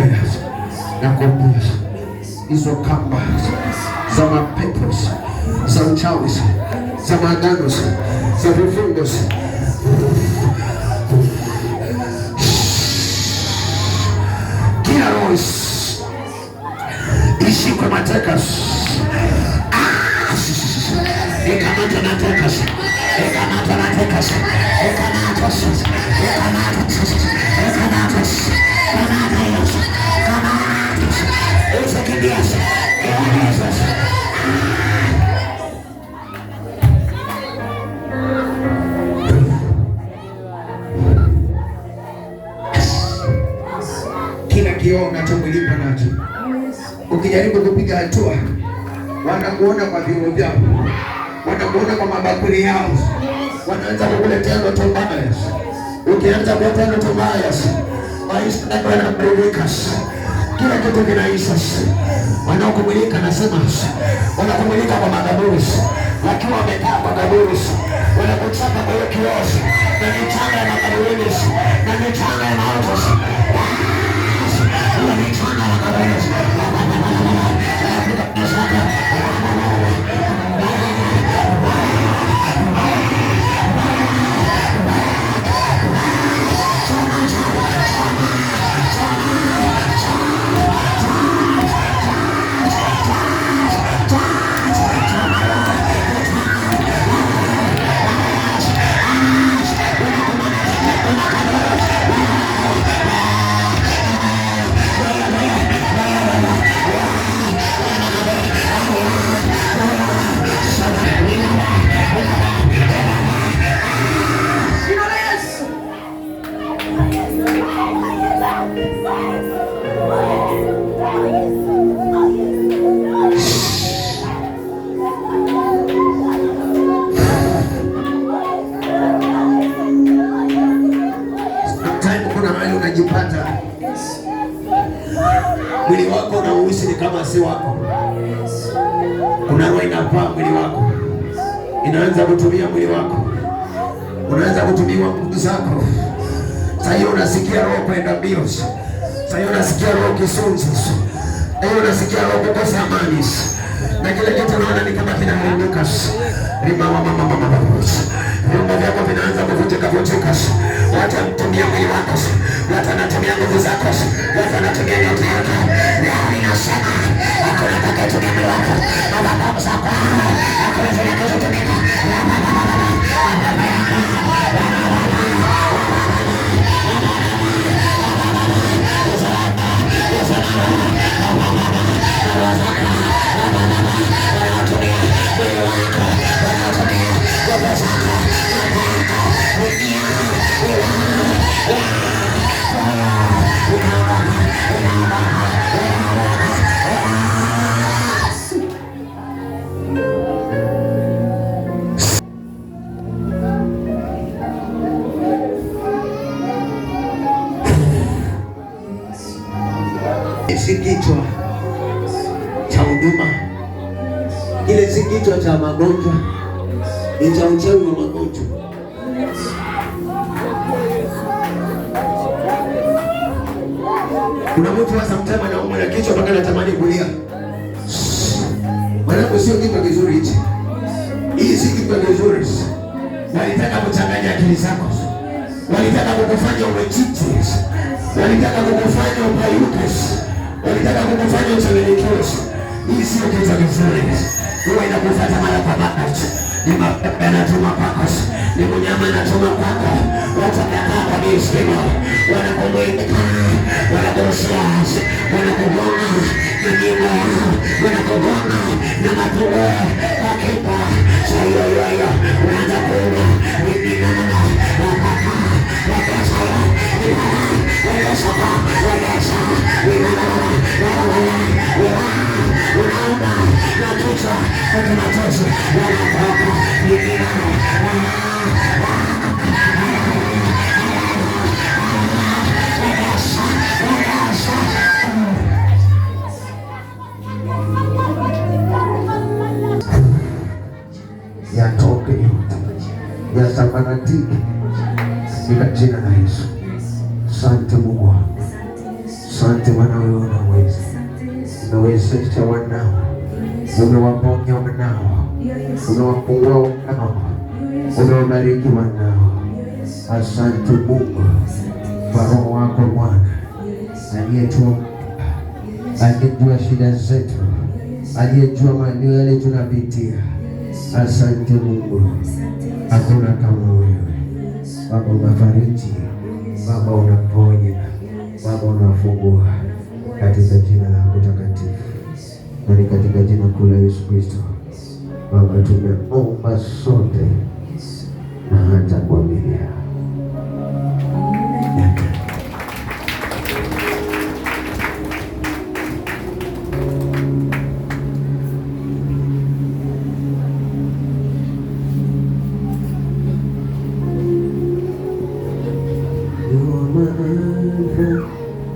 nakuombea, nakuombea hizo kamba za mapepo za uchawi za maagano za vifungo ishikwe mateka ah! ikamata mateka ikamata mateka ikamata kila kioo unachomlipa nacho. Ukijaribu kupiga hatua, wanakuona kwa viungo vyao, wanakuona kwa mabakuli yao, wanaanza kukuletea ndoto mbaya. Ukianza kuota ndoto mbaya, maisha yako yanabadilika, kila kitu kinaisha. Wanaokumilika nasema wanakumulika kwa makaburi, lakini wamekaa kwa kaburi wanakuchapa kwa hiyo kioo na michanga ya makaburini na michanga ya maoto frente. Mwili wako na uhisi ni kama si wako. Kuna roho inavaa mwili wako, inaanza kutumia mwili wako, unaanza kutumiwa nguvu zako. Sasa hiyo unasikia roho kwenda mbio, sasa hiyo unasikia roho kisunzi, sasa hiyo unasikia roho kukosa amani, na kile kitu unaona ni kama kinaharibika. Rima mama, mama, mama viungo vyako vinaanza kuvutika vutika, watu wanatumia mwili wako, watu wanatumia nguvu zako, watu wanatumia nyota yako. Roho inasema hakuna atakayetumia mwili wako na mababu zako, hakuna atakayetumia si cha huduma, kile si cha magonjwa, ni cha uchawi wa magonjwa. Kuna mtu hasa mtama anaumwa na kichwa mpaka anatamani kulia. Mwanangu, sio kitu kizuri hichi, hii si kitu kizuri. Walitaka kuchanganya akili zako, walitaka kukufanya uwe walitaka kukufanya upayuke ukitaka kukufanya usimene kiusi, hii sio kitu kizuri. Huwa inakufuata mara kwa mara, ni mapepo yanatuma kwako, ni mnyama anatuma kwako, watu wanakaa kwa mizigo, wanakumweka, wanakurushia, wanakugonga na nyimbo, wanakugonga na mapigo yake Yang napita kwenye mateso wanatoka yatoke yasambaratike katika jina la Yesu. Umewezesha wanao, umewaponya wanao, umewafungua wanao, umewabariki wanao. Asante Mungu kwa Roho wako Bwana aliyetuokoa, aliyejua shida zetu, aliyejua maeneo yale tunapitia. Asante Mungu, hakuna kama wewe Baba. Unafariji Baba, unaponya Baba, unafungua katika jina lako na ni katika jina kuu la Yesu Kristo Baba tumeomba.